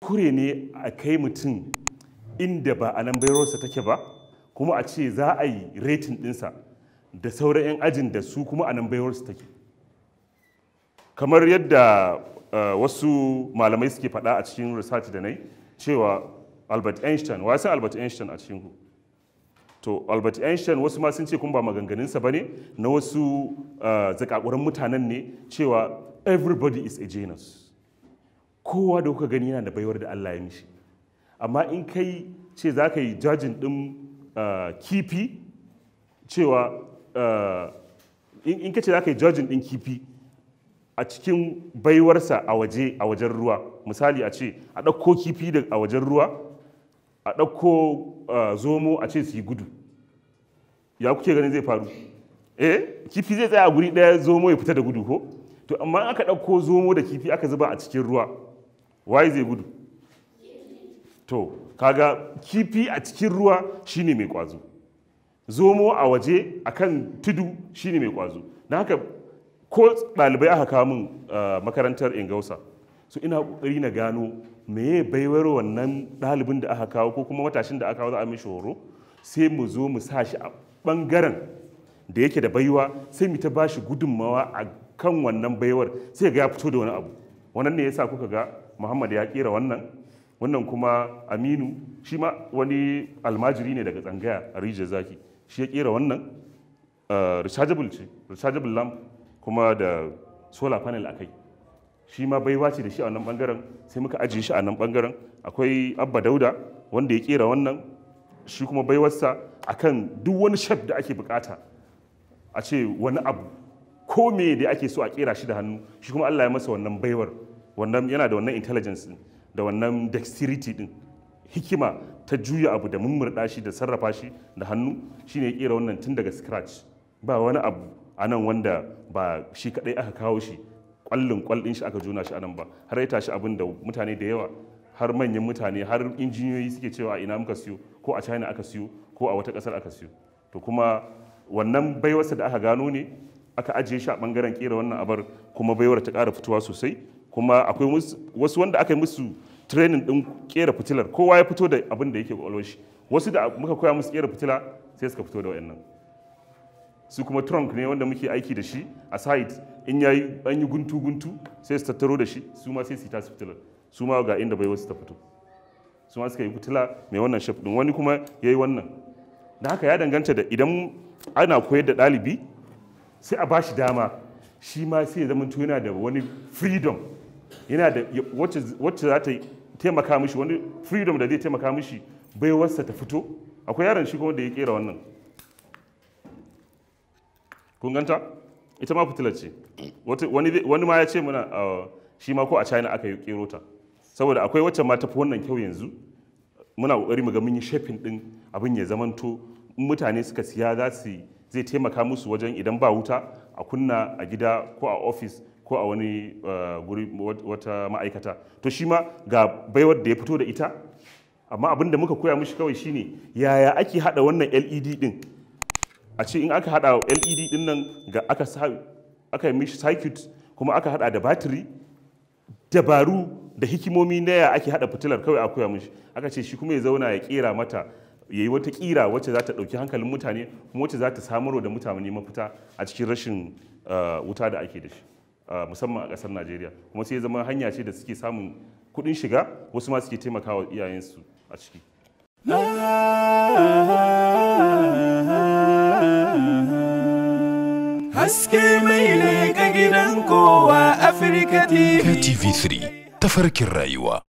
kure ne a kai mutum inda ba a nan take ba kuma a ce za a yi retin dinsa da sauran 'yan ajin da su kuma a nan take kamar yadda eh, wasu malamai suke faɗa a cikin research da na yi cewa albert einstein wa san albert einstein a cikin to albert einstein wasu ma sun ce kuma ba maganganunsa ba ne na wasu eh, zakakuran mutanen ne cewa everybody is a genus. kowa da kuka gani yana da baiwar da Allah ya mishi amma in kai ce za ka yi jajin ɗin ah, kifi cewa ah, in ka ce za ka yi jajin ɗin kifi a cikin baiwarsa a waje a wajen ruwa misali a ce a ɗauko kifi da a wajen ruwa a ɗauko ah, zomo a ce su yi gudu ya kuke ganin zai faru eh kifi zai tsaya a guri ɗaya zomo ya fita da gudu ko to amma aka ɗauko zomo da kifi aka zuba a cikin ruwa waye zai gudu to kaga kifi a cikin ruwa shine mai kwazo zomo a waje akan tudu shine mai kwazo na haka ko ɗalibai aka kawo min eh, makarantar ingausa so ina ƙoƙari na gano meye baiwar wannan ɗalibin da aka kawo ko kuma matashin da aka kawo za a shi horo sai mu zo mu sa shi a ɓangaren da yake da baiwa sai mu ta bashi gudunmawa a kan wannan baiwar sai ga ya fito da wani abu wannan ne yasa kuka ga muhammad ya kera wannan wannan kuma aminu shi ma wani almajiri ne daga tsangaya a rijiyar zaki shi ya kera wannan eh, rechargeable ce rechargeable lamp kuma da solar panel a kai shi ma baiwa ce da shi a wannan bangaren sai muka ajiye shi a nan bangaren akwai abba dauda wanda ya kera wannan shi kuma baiwarsa akan duk wani shaf da ake bukata a ce wani abu ko me da ake so a kera shi da hannu shi kuma Allah ya masa wannan baiwar wannan yana da wannan intelligence din da wannan dexterity din hikima ta juya abu da mummurda shi da sarrafa shi da hannu shine ya kera wannan tun daga scratch ba wani abu a nan wanda ba shi kadai aka kawo shi kwallin kwallin shi aka juna shi a nan ba har ya tashi abin da mutane da yawa har manyan mutane har injiniyoyi suke cewa a ina muka siyo ko a china aka siyo ko a wata kasar aka siyo to kuma wannan baiwarsa da aka gano ne aka ajiye shi a bangaren kera wannan abar kuma baiwar ta kara fitowa sosai kuma akwai wasu wanda aka yi musu training din kera fitilar kowa ya fito da abin da yake kwakwalwar shi wasu da muka koya musu kera fitila sai suka fito da wayannan su kuma trunk ne wanda muke aiki da shi a site in yayi an yi guntu guntu sai su tattaro da shi su ma sai su tasu fitilar su ma ga inda bai wasu ta fito su ma suka yi fitila mai wannan shape din wani kuma yayi wannan da haka ya danganta da idan ana koyar da ɗalibi sai a bashi dama shi ma sai ya zama yana da wani freedom yana da wacce za ta taimaka mishi wani freedom da zai taimaka mishi bai wasa ta fito akwai yaron shi kuma da ya kera wannan kun ita ma fitilar ce wani ma ya ce mana ah, shi ma ko a china aka yi kero ta saboda akwai wacce ma tafi wannan kyau yanzu muna kokari mu ga mun yi shafin din abin ya zamanto mutane suka siya za su zai taimaka musu wajen idan ba wuta a kunna a gida ko a ofis ko a wani eh, guri wata ma'aikata to shi ma ga baiwar da ya fito da ita amma abin da muka koya mishi kawai shine yaya ake hada wannan led din a ce in aka hada led din nan ga aka aka mishi circuit kuma aka hada da batiri dabaru da hikimomi na ya ake hada fitilar kawai a koya mishi aka ce shi kuma ya zauna ya kera mata ya yi wata kira wacce za ta ɗauki hankalin mutane kuma wacce za ta samarwa da mutane mafita a cikin rashin eh, wuta da ake da shi musamman a ƙasar najeriya kuma sai zama hanya ce da suke samun kuɗin shiga wasu ma suke taimakawa iyayensu a ciki haske mai ne ga gidan kowa afirka tv3 tafarkin rayuwa